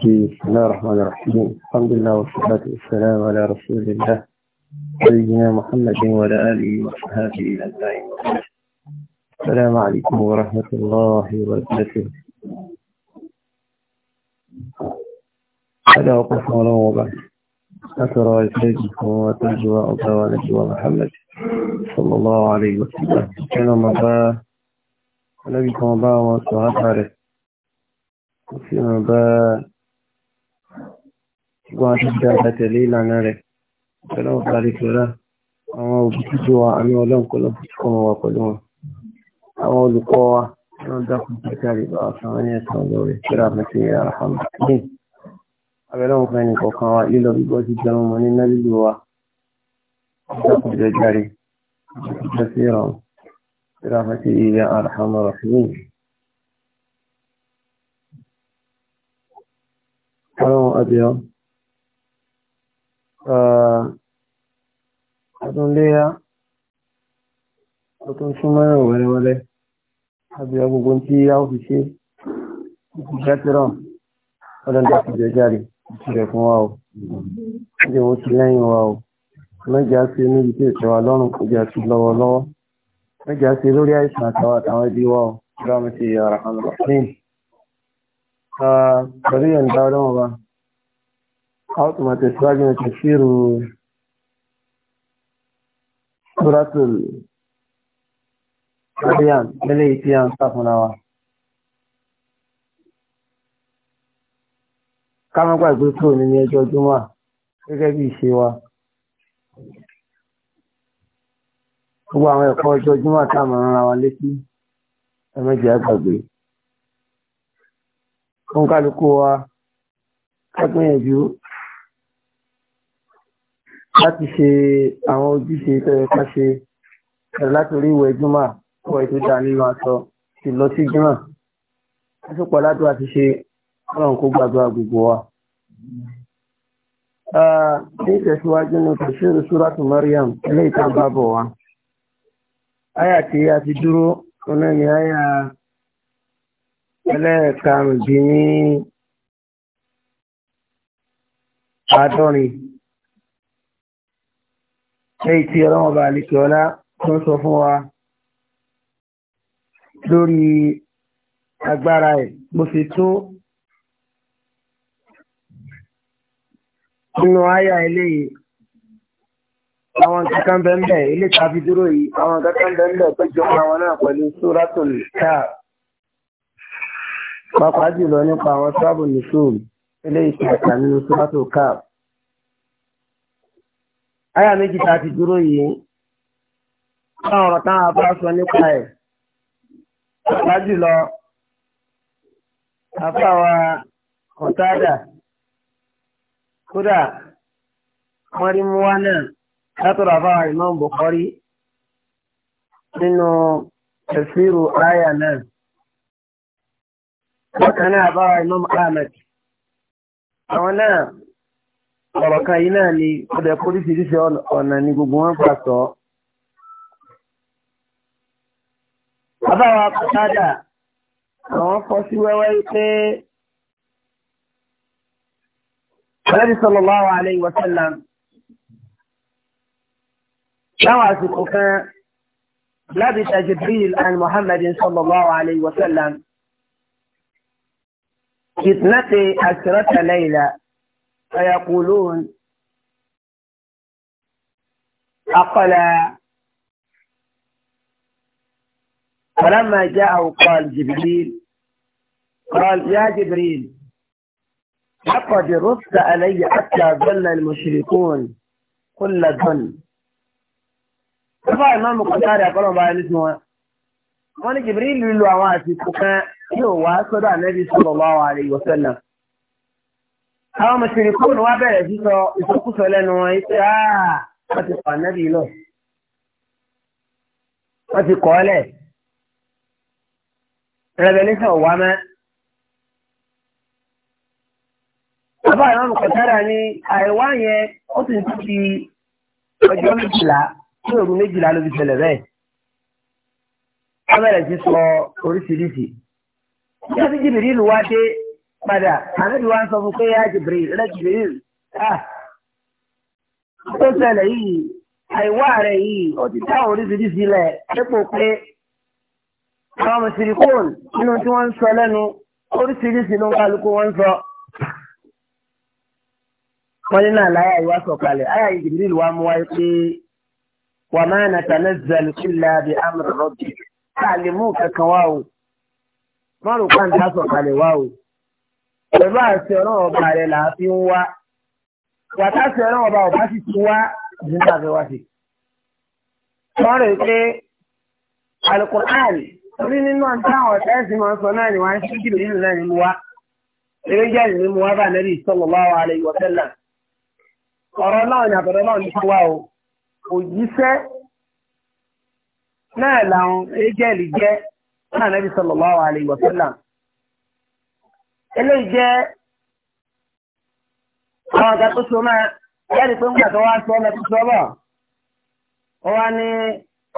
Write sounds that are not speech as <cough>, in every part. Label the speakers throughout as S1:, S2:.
S1: بسم الله الرحمن الرحيم الحمد لله والصلاة والسلام على رسول الله سيدنا محمد وعلى آله وصحبه أجمعين السلام عليكم ورحمة الله وبركاته هذا وقف على وضع أترى إسلامكم وتجوى أبا ونجوى محمد صلى الله عليه وسلم كان مبا نبيكم مبا وصحبه وفي مبا wá dáadáa tẹ̀lé ìlànà rẹ̀ ọlọ́run parí tọ́lá àwọn òbítútù wa àmì ọlọ́run kọ́ lọ́pù tí kọ́mọ wa pẹ̀lú wọn àwọn olùkọ́ wa wọ́n dákun pẹ̀tàrí bá àfihàn ní ẹ̀sán lórí kíra mẹ́tì alhamdulillah abẹ́lẹ́wọ̀n fẹ́ ní kọ̀ọ̀kan wa lílọ bíbọ́ ti jẹun mọ́ nínú lílo wa dákun jẹ járe jẹ sí ìrọ̀rùn kíra mẹ́tì ìyá alhamdulillah Ọlọ́run àbíọ́. ọdún léyá ọdún súnmọ́ ẹ̀rọ wẹ́rẹ́wẹ́rẹ́ àbí agogo tí a ó fi ṣe ìkú jẹ́tìrọ̀ ọdún tó wow jẹjáre ìṣẹ̀lẹ̀ fún wa wow ìjẹ́ wọ́n ti lẹ́yìn wa o mẹ́jà sí níbi tí ìṣẹ́wà lọ́rùn kò jẹ́ sí lọ́wọ́lọ́wọ́ mẹ́jà sí lórí àìsàn àtàwọn àtàwọn ẹbí wa o bí wọ́n ti yàrá kan lọ́wọ́ pẹ̀lú ìyẹn dáwọ́ lọ́wọ́ wa أو كما تسواج من تفسير سورة الأحيان ملي تيان صافنا ká má gbàgbé kúrò nínú ẹjọ́ júmọ́ gẹ́gẹ́ bí ìṣe wa gbogbo àwọn ẹ̀kọ́ ọjọ́ júmọ́ tá a máa ń ra wa létí ẹ̀mẹ́jì àgbàgbé fún wa ká láti ṣe àwọn ojúṣe tẹ́rẹ ká ṣe láti orí ìwẹ̀ júmọ̀ wọ ètò ìdá nínú aṣọ ti lọ sí júmọ̀ lásìkò aládùn àti ṣe ọlọ́run kó gbàdúrà gbogbo wa. ní ìtẹ̀síwájú ní tẹ̀síwájú súrátù Maryam eléyìí tá bá bọ̀ wá. áyà tí a ti dúró ọ̀nà ni áyà ẹlẹ́ẹ̀karùn-ún ní àádọ́rin èyí tí ọlọ́wọ́ bá lè kí ọlá tó sọ fún wa lórí agbára ẹ̀ bó ṣe tó nínú àyà eléyìí àwọn kankan bẹ́ẹ̀ ilé tàbí dúró yìí àwọn kankan bẹ́ẹ̀ tó jọ àwọn náà pẹ̀lú suratul Kahf pàápàá jùlọ nípa àwọn sábò nìṣòro eléyìí tí a nínú suratul Kahf. Aya méjì ta ti dúró yìí. Àwọn ọ̀rọ̀ táwọn abá sọ nípa ẹ̀.
S2: Bàbá jùlọ, àbá wa kọ̀tádà. Kódà, wọ́n rí mú wá náà látọ̀rọ̀ àbá wa Imam Bukhari
S1: nínú tafsiru aya náà. Bákan náà àbá wa Imam Ahmed. Àwọn náà ọ̀rọ̀ kan yìí náà ni ọdẹ oríṣiríṣi ọ̀nà ni gbogbo wọn gbà sọ.
S2: Abáwa Kọ́tádà, àwọn fọ́ sí wẹ́wẹ́ pé Ànábì sallallahu alayhi wa sallam. Láwọn àsìkò kan, labisa Jibril an Muhammadin sallallahu alayhi wa sallam. Kitnate asirata layla. فيقولون أقلا فلما جاءه قال جبريل قال يا جبريل لقد رفت علي حتى ظل المشركون كل ظن فقال امام القتار يقول لهم بعد اسمه إيه؟ وانا جبريل يقول له اواسي يو واسد النبي صلى الله عليه وسلم àwọn mùsùlùmí kóònù wá bẹ̀rẹ̀ sísọ ìsọkúsọ lẹ́nu wọn yìí pé áà ah, wọ́n ti kọ́ ànábì lọ wọ́n ti kọ́ lẹ̀ revolution wà mẹ́. bàbá àwọn olùkọ́tàrà ni àìwá yẹn ó sì ń ti ọjọ́ méjìlá tí òru méjìlá ló fi ṣẹlẹ̀ bẹ́ẹ̀. wọ́n bẹ̀rẹ̀ sí
S1: sọ oríṣiríṣi.
S2: bí wọ́n ti jìbìrì ìlú wá dé padà ànábì wa ń sọ fún pé yá Jibril rẹ Jibril ah tó ṣẹlẹ̀ yìí àìwá rẹ̀ yìí ó ti dá oríṣiríṣi lẹ̀ dépò pé àwọn mùsùlùmí nínú tí wọ́n ń sọ lẹ́nu oríṣiríṣi ló ń kálukú wọ́n ń sọ. wọ́n ní náà láyà ìwà sọ̀kalẹ̀ àyà Jibril wa mú wáyé pé wà máa natanazzalu illa bi amri rabbik káà lè mú kankan wá o. wọ́n rò pàǹtà sọ̀kalẹ̀ wá o pẹ̀lú àṣẹ ọlọ́run ọba rẹ̀ là á fi ń wá wàtàṣẹ ọlọ́run ọba ọba sì ti wá nígbà fẹ́ wá sí. wọ́n rè pé alukur'an orí nínú ọ̀tá ọ̀tá ẹ̀sìn máa ń sọ náà ni wọ́n á ṣe jìbì nínú náà ni mo wá. eré jẹ́ ìlú mo bá nẹ́bí sallallahu alaihi wa sallam. ọ̀rọ̀ náà ni àtọ̀dọ̀ náà ní fún o òjíṣẹ́ náà làwọn eré jẹ́ ìlú jẹ́ náà nẹ́bí sallallahu alaihi wa sallam. eléyìí jẹ́ àwọn àga tó so máa yẹ́nì pé nígbà tó wá sọ ọ́nà tó sọ bọ̀ wọ́n wá ní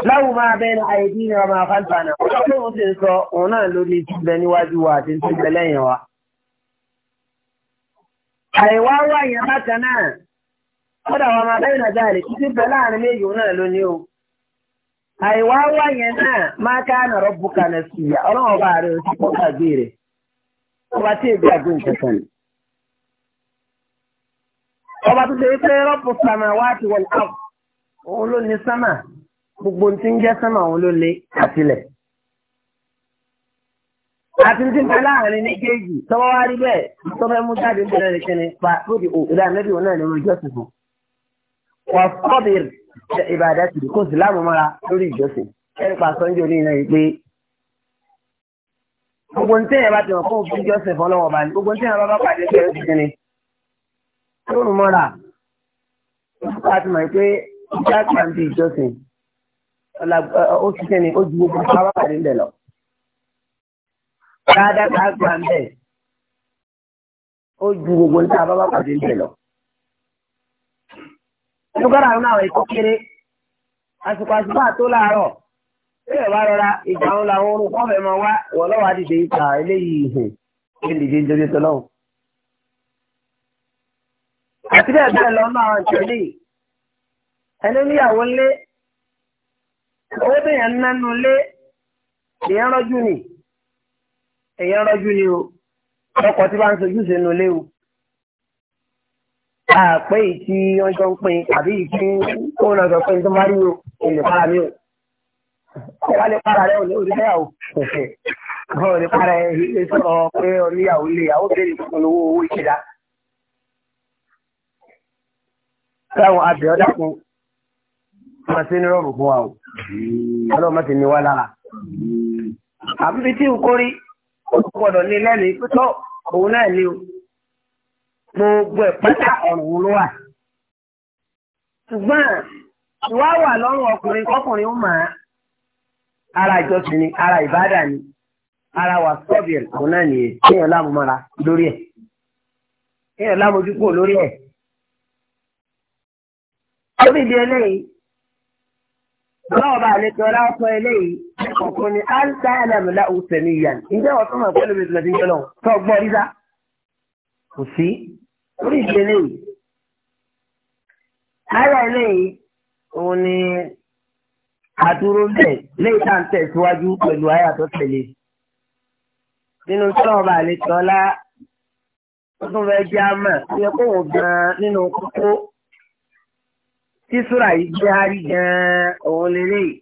S2: láwù máa bẹ́ẹ̀ ní ni wọ́n máa ó tó ń sọ òun náà lórí níwájú wa àti ìtúbẹ̀ lẹ́yìn wa. àìwá wà yẹn bákan náà kódà wọn máa bẹ́ẹ̀ nàjà rè títí bẹ́ẹ̀ láàrin méjì òun náà lónìí o. àìwá wà yẹn náà máa ká nàró sí bá rẹ̀ ó ti pọ́ ọba tí èdè àgbẹ̀ ìṣẹ̀ṣẹ̀ ni. ọba tó ṣe é pé rọ́pù sàmà wá ti wọ̀n kọ́ òun ló ní sámà gbogbo tí ń jẹ́ sámà òun ló lé àtìlẹ̀. àti ti bẹ láàrin ní kéèjì tọ́wọ́ wá rí bẹ́ẹ̀ tó fẹ́ mú jáde níbẹ̀rẹ̀ rẹ̀ kẹ́ni pa lóde òkúta nẹ́bí òun náà ní ọjọ́ tuntun. wà fọ́bìrì ìbàdàn tìrì kó sì láàmú mọ́ra lórí ìjọsìn ẹni pa sọ́njọ́ ní iná gbogbo ní tẹ́yìn bá ti mọ̀ fún òfin jọ́sẹ̀ fọlọ́wọ́ bá ní gbogbo ní tẹ́yìn bá bá pàdé bẹ̀rẹ̀ tuntun ni. lóòrùn mọ́ra a ti mọ̀ pé ìjà pàǹdì ìjọsìn ó ti tẹ́ni ó ju gbogbo bá bá pàdé ńbẹ̀ lọ. dáadáa ká gbà ń bẹ̀
S1: ó ju gbogbo ní tẹ́yìn bá bá pàdé ńbẹ̀ lọ.
S2: nígbà àwọn àwọn ìkókéré àsìkò àsìkò àtó láàárọ̀ ẹ wá rọra ìgbà ń la oorun kọ́ fẹ́ máa wá ìwọ lọ́wọ́ àdìdè ìta eléyìí hàn kí nìdí ń dorí tọ́lọ́hùn. àti bẹ́ẹ̀ bẹ́ẹ̀ lọ náà ìtẹ̀lé ẹni níyàwó lé owó téèyàn ń nánu lé èèyàn rọ́jú ni èèyàn rọ́jú ni o ọkọ̀ tí bá ń sojú sínú lé o. àpé ìtì ọjọ́ ń pin àbí ìtì kó lọ sọ pé nítorí wọ́n rí o èlè fara mi o. Ìwà lè para rẹ̀ olè oníyàwó. Bọ́ọ̀ lè para ẹ̀ ilé sọ̀rọ̀ pé oníyàwó lè yàwó béèrè fún owó owó ìṣẹ̀dá.
S1: Táwọn abẹ̀ ọ̀dà kan máa ṣe ní rọ̀rù fún wa o. Ọlọ́run máa ti ní wá lára.
S2: Àbíbi tí n kórí, ó gbọ́dọ̀ ní lẹ́nu ìpítọ́ òun náà ni o. Gbogbo ẹ̀ pátá ọ̀rùn ló wà. Ṣùgbọ́n ìwà wà lọ́rùn ọkùnrin kọ́kùnrin ó máa ara ìjọsìn ni ara ìbádà ni ara wà sọ́bìrì òun náà nìyẹn kéèyàn lámúmọ́ra lórí ẹ̀ kéèyàn lámójúkò lórí ẹ̀. lórí ìdí eléyìí ọlọ́wọ́ bá àlejò ọlọ́wọ́ eléyìí ọ̀kan ni á ń dá àlàmìlà òsèmí yàn ǹjẹ́ wọ́n tún mọ̀ pé lóbi ìtìlẹ̀ ti tó gbọ́ rí sá kò sí lórí ìdí eléyìí. ara eléyìí òun ni àdúró ń bẹ̀ lẹ́yìn tá à ń tẹ̀síwájú pẹ̀lú àyà tó tẹ̀lé. nínú sọ́ọ̀ bá lè tọ́ lá ó tún fẹ́ jẹ́ àmà ó yẹ kó wọ́n gan nínú kókó tí súrà yìí gbé hárí gan òun lélẹ́yìí.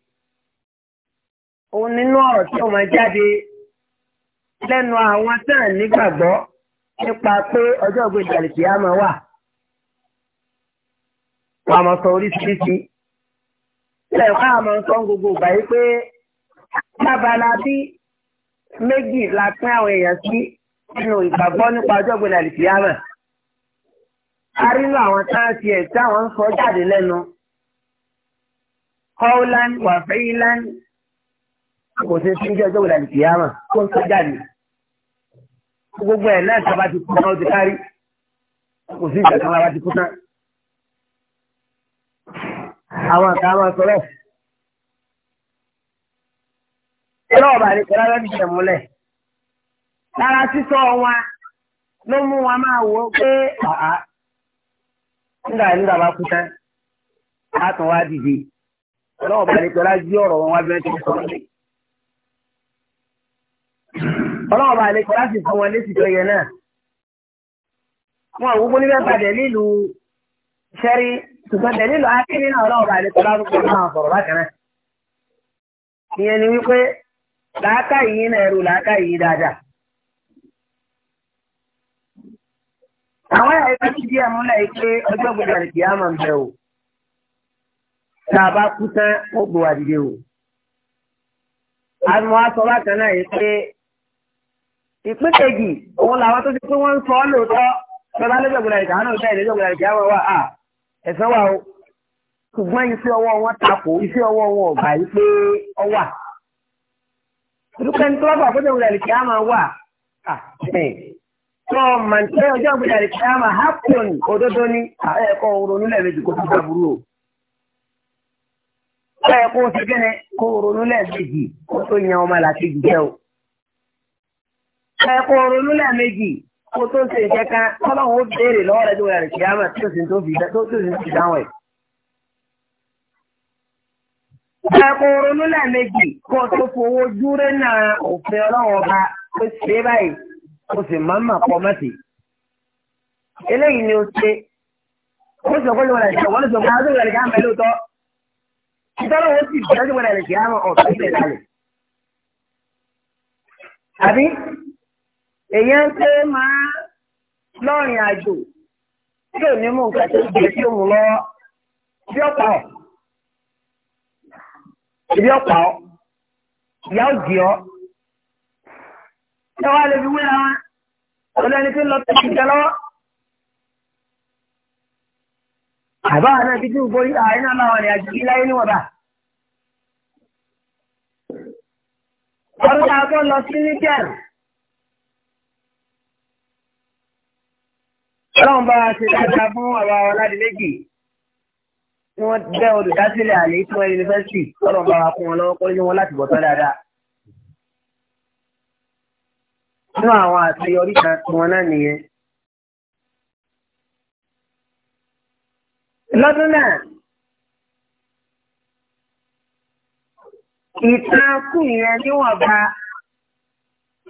S2: òun nínú ọ̀rọ̀ tí ó máa jáde lẹ́nu àwọn tán nígbàgbọ́ nípa pé ọjọ́ ògbé ìdàlùkì á máa wà. wàá mọ̀ sọ oríṣiríṣi ilẹ̀ ìwà àmọ́ ń sọ gbogbo ìgbà yìí pé lábala bí méjì la pín àwọn èèyàn sí nínú ìgbàgbọ́ nípa ọjọ́ gbọ́dọ̀ àlìkìyàmẹ̀. a rí inú àwọn táǹtì ẹ̀ tí àwọn ń sọ jáde lẹ́nu. kọ́ọ̀lán wàfẹ́yìnlán kò sí sí ní ọjọ́ gbọ́dọ̀ àlìkìyàmẹ̀ kó ń sọ jáde. gbogbo ẹ̀ náà tí ti kú náà ó ti kárí kò sí ìgbà kan lára ti kú náà àwọn kan máa sọ bẹ́ẹ̀. ọlọ́ọ̀bà ni kọ́lá bẹ́ẹ̀ fi ṣẹ̀ múlẹ̀. lára sísọ wọn ló mú wọn máa wò ó pé àá nígbà nígbà bá kú tán á tún wá dìde. ọlọ́ọ̀bà ni kọ́lá jí ọ̀rọ̀ wọn wá bẹ́ẹ̀ tó sọ wọn. ọlọ́ọ̀bà ni kọ́lá sì fún wọn létí tó náà. wọn ò gbogbo níbẹ̀ padà nílùú ṣẹ́rí ṣùgbọ́n dẹ̀lílù akéde náà ọlọ́run bá lè tọ́lá rúkọ náà sọ̀rọ̀ bákan náà. ìyẹn ni wípé làákà yìí náà ẹrù làákà yìí dáadáa. àwọn ẹ̀yà ìgbà tí díẹ̀ múlẹ̀ yìí pé ọjọ́ gbogbo àdìgbì á máa ń bẹ̀ o. tá a bá kú tán ó gbò àdìgbì o. àmọ́ a sọ bákan náà yìí pé ìpín kejì òun làwọn tó ti pé wọ́n ń sọ ọ́ lóòótọ́ tọ́lá lọ́jọ́ gbogbo àdìgbì á náà ẹ̀sán wà o ṣùgbọ́n iṣẹ́ ọwọ́ wọn takò iṣẹ́ ọwọ́ wọn ò gbà pé ọ wà. Olùkọ́ni tó bá bàbá tó kí á máa wà. Tó màǹtẹ́ ọjọ́ wùdàlì kí á máa hápùn òdodo ní ẹ̀kọ́ ronú lẹ́ẹ̀mejì kó tó dàbúrú o. Ó kó ṣe kó ronú lẹ́ẹ̀mejì kó tó yan ọmọ làkejì jẹ́ o. Ó kó ronú lẹ́ẹ̀mejì kó tó ṣe ìjẹ kan kọ́lọ́hún ó béèrè lọ́wọ́ rẹ̀ tó wà rẹ̀ kíámà tó sì tó fi dáhùn ẹ̀. Ẹ̀kún ronú lẹ́ẹ̀mejì kó tó fowó dúró náà òfin ọlọ́wọ́ ọba tó ṣe báyìí kó sì máa ń mà pọ̀ mọ́tì. Eléyìí ni ó ṣe. Ó sọ pé ìwọ̀n ẹ̀ṣẹ̀ wọ́n lè sọ pé àwọn tó rẹ̀ kíámà lóòótọ́. Ìtọ́lọ́wọ́ sì dájú èèyàn pé máa lọ́rìn àjò tí ò ní mú nǹkan tó gbé tí òun lọ bí ọ̀pá ọ̀ ibi ọ̀pá ọ̀ ìyá òjì ọ̀ ṣé wàá lè fi wéra wọn ọ̀dọ̀ ẹni tí ń lọ tẹ̀sí jẹ lọ́wọ́. àbá àná ti tún borí àárín náà láwọn ìrìn àjò iláyé níwọ̀n bá. ọdún tá a tó lọ sí níjẹ̀rù. Ọlọ́run bá ṣe dáadáa fún àwa Ọládìméjì tí wọ́n jẹ́ olùdásílẹ̀ àlè tí wọ́n yunifásitì ọlọ́run bá wa kún wọn lọ́wọ́ kọ́lé ní wọn láti bọ̀ tán dáadáa. Nínú àwọn àṣeyọrí kan tí wọ́n náà nìyẹn. Lọ́dún náà, ìtàn kù yẹn níwọ̀nba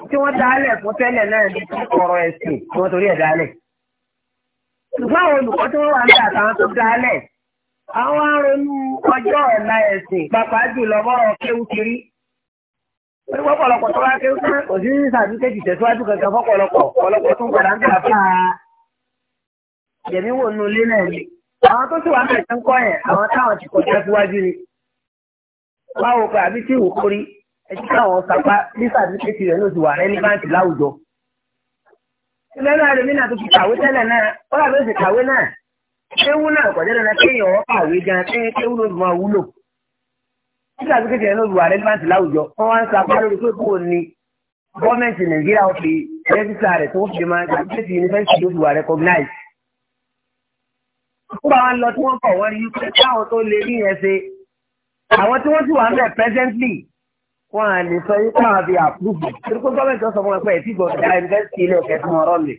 S2: tí wọ́n dálẹ̀ fún tẹ́lẹ̀ náà ní ọ̀rọ̀ ẹ̀sìn tí wọ́n torí ẹ̀ dálẹ̀ ṣùgbọ́n àwọn olùkọ́ tí wọ́n wà ní àtàwọn tó dálẹ̀ àwọn aronú ọjọ́ ọ̀la ẹ̀sìn pàápàá jùlọ bọ́rọ̀ kéwú kiri wọ́n pọ̀lọpọ̀ tó wá kéwú tán kò sí sàdúkẹ́jì tẹ̀síwájú kankan fọ́pọ̀lọpọ̀ pọ̀lọpọ̀ tó ń padà ń gbà fà á yẹ̀mí wò nù lé náà ni àwọn tó sì wà mẹ́sàn-án ń kọ́ yẹn àwọn táwọn ti kọjá síwájú ni báwo pé àbí tí ìwò kórí ẹ ti káwọn sapá ní sàdúkẹ́jì rẹ̀ ló ti lẹ́nu àrèmí náà tó fi kàwé tẹ́lẹ̀ náà ó rà bẹ́ẹ̀ sì kàwé náà kéwú náà kọ̀jẹ́ dandan kéèyàn ọ̀ kàwé gan kéwú ló máa wúlò nígbà tó kékeré ló wà rẹ́lẹ́mántì láwùjọ wọ́n wá ń sapá lórí pé kò ní gọ́ọ̀mẹ̀ntì nàìjíríà ó fi rẹ́jísà rẹ̀ tó fi máa gbàgbéjì yunifásitì ló fi wà rẹ́kọ̀gnáìsì. nígbà wọn lọ tí wọ́n kọ̀ wọ́n rí pé káwọn tó lè rí yẹn àwọn tí wọ́n sì wà ń bẹ̀ presently wọn à lè sọ yípa àbí àpúrúfù torí pé gọ́ọ̀mẹ̀ntì ọ̀sán fún ẹ̀kọ́ ẹ̀tí gbọ̀dọ̀ dá yunifásitì ilé ọ̀kẹ́ fún ọ̀rọ̀ lè.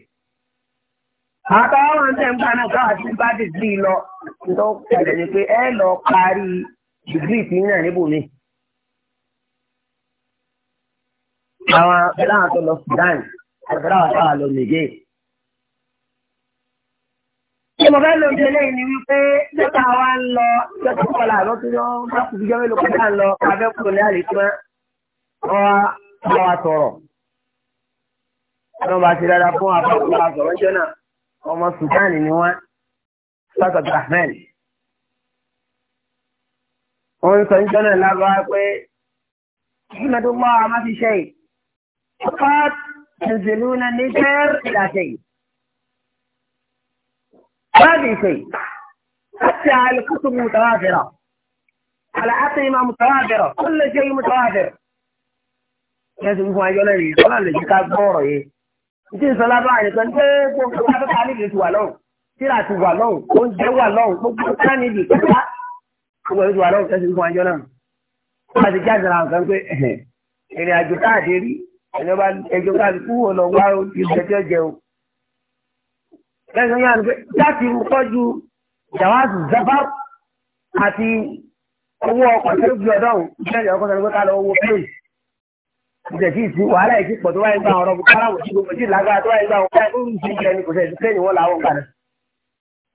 S2: àtàwọn ọ̀hún tẹ̀ ń gbà náà káwá sí bá dìgírì lọ nítorí ẹ̀jẹ̀ ni pé ẹ lọ parí dìgírì tí ń rìn níbòmí. àwọn bẹ́lá àtọ lọ Sudan àgbẹ̀rẹ̀ àwọn àtàwọn lọ nìgé. ṣé mo fẹ́ lo ìdílé ni wípé dọ́kà wa ń lọ dọ́kà kọ́lá àbọ̀tún yọ wọ́n wá tọrọ wọ́n bá ti dára fún àpapọ̀ àsọ̀rọ̀ jọ́nà ọmọ Sudan ni wọ́n sọ́tọ̀ Ahmed wọ́n ń sọ ní jọ́nà lágbára pé ìmọ̀dúnmọ́ a máa fi ṣe yìí فقط ينزلون نجر إلى شيء ما في شيء حتى الكتب متوافرة الأطعمة متوافرة كل شيء متوافر ẹ̀sìn fún ẹjọ́ náà rèé sọ́nà lè jí ká gbọ́ ọ̀rọ̀ yẹn ìtì ìsọlá bá àyẹ̀kọ́ ní pé gbogbo afẹ́ká níbi ti wà lọ́hùn tíra ti wà lọ́hùn oúnjẹ wà lọ́hùn gbogbo ká níbi kíkà gbogbo ẹ̀sìn wà lọ́hùn ẹ̀sìn fún ẹjọ́ náà wọ́n ti jáde ra nǹkan pé ìrìn àjò káàdé rí ẹjọ́ káàdé kúrò lọ wá ìgbẹ́jọ́ jẹ o lẹ́sìn yára pé láti kọ́jú ìjẹ̀sí ìsìn wàhálà ìsìn pọ̀ tó wáyé gba ọ̀rọ̀ káràwọ̀ tí gbogbo sí lágbára tó wáyé gba ọ̀rọ̀ káràwọ̀ ń sìn jẹ́ ní kò sẹ́yìn plẹ́ẹ̀nì wọn làwọn gbà rẹ̀.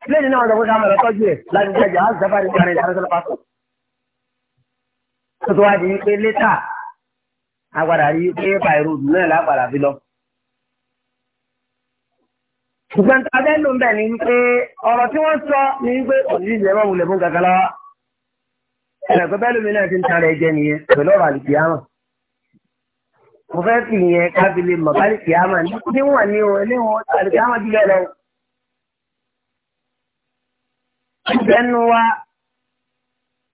S2: plẹ́ẹ̀nì náà lọ́wọ́ sáà lọ tọ́jú ẹ̀ láti jẹjẹ á sábà ní ìgbàlẹ̀ ìdáná sọ́lá pásọ̀. tó tó wá di wípé létà agbára rí pé bàìrò náà lágbára bí lọ. ṣùgbọ́n tá a fẹ́ lò ń bẹ̀ ni wípé ọ̀rọ̀ tí wọ́n sọ ni wípé mo fẹ́ fi yẹn kábílì mọ̀bálì kìámà níwọ̀n ní o eléwọ̀n tàbí kìámà bí lẹ́lẹ́ o. ìbẹ́nu wa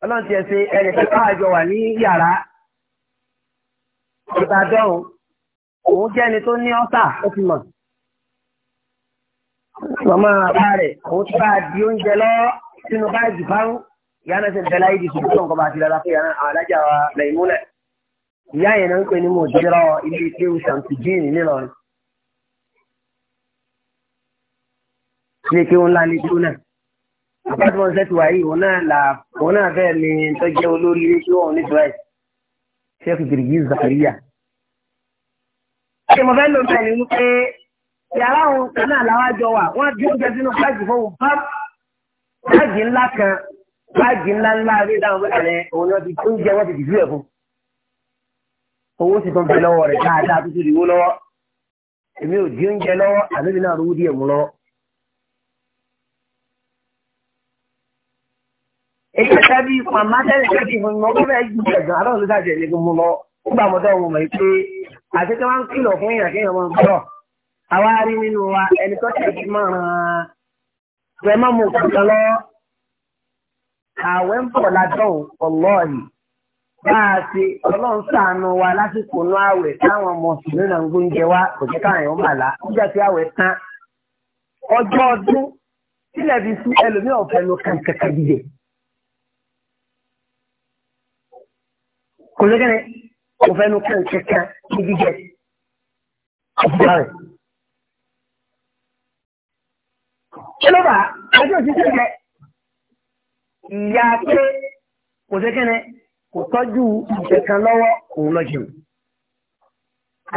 S2: ọlọ́run ti ẹ̀sìn ẹnì kẹta àjọ wà ní yàrá ìbàdàn òun jẹ́ ẹni tó ní ọ́sà ó ti mọ̀. màmá bá rẹ̀ òun ti bá a di oúnjẹ lọ sínú báyìí jù fáwọn ìyá náà ti ń tẹ́lá yìí di ṣùgbọ́n nǹkan bá a ti lọ́la fún ìyá àwọn alájà wa lẹ́yìn múlẹ̀ ìyá yẹn náà ń pè ní mòdìrọ ilé ìkéwù ṣàǹtìjìn nílọrin ilé ìkéwù ńlá ní ìlú náà àpátímọ̀ sẹ́tù wáyé òun náà là òun náà fẹ́ mi tó jẹ́ olórí ilé ìkéwù ọ̀hún nítorí
S1: sheikh girigi zakaria.
S2: ṣé mo fẹ́ lò bẹ́ẹ̀ ni wípé yàrá òun kan náà làwájọ wà wọ́n bí oúnjẹ sínú báàgì fún un báàgì báàgì ńlá kan báàgì ńlá ńlá rí dáhùn bẹ́ẹ̀ òun
S1: náà ti oúnjẹ wọn ti dìbò ẹ̀ fún un. owó si tún bẹ lọ́wọ́ rẹ̀ dáadáa tó ti dìwó lọ́wọ́ èmi ò di oúnjẹ lọ́wọ́ àbẹ́bí náà rówó díẹ̀ mú lọ́wọ́. èyí ẹ̀ka bíi bẹ́ẹ̀ ẹ̀gbọ́n
S2: ló mú lọ nígbà mọ́tọ́ ọmọ mọ̀ pé àti tí wọ́n ń kìlọ̀ fún kéèyàn máa ń gbọ́ àwa rí nínú wa ẹni tó ṣe ti máa ràn án má mú àwẹ̀ ń bọ̀ bá a ṣe ọlọ́run ṣàánú wa lásìkò inú àwẹ̀ táwọn ọmọ sùnú náà ń gbóúnjẹ wa kò jẹ́ káwọn èèyàn màlá nígbà tí àwẹ̀ tán ọjọ́ ọdún sílẹ̀ fi sí ẹlòmíràn ọ̀fẹ́ ló kàn kàkà jíjẹ. kò lókè ní ọ̀fẹ́ ló kàn kàkà jíjẹ. kí ló bá a ọjọ́ òṣìṣẹ́ jẹ ìyá pé kò lókè ní kò tọ́jú ìṣẹ̀kan lọ́wọ́ òun lọ jẹun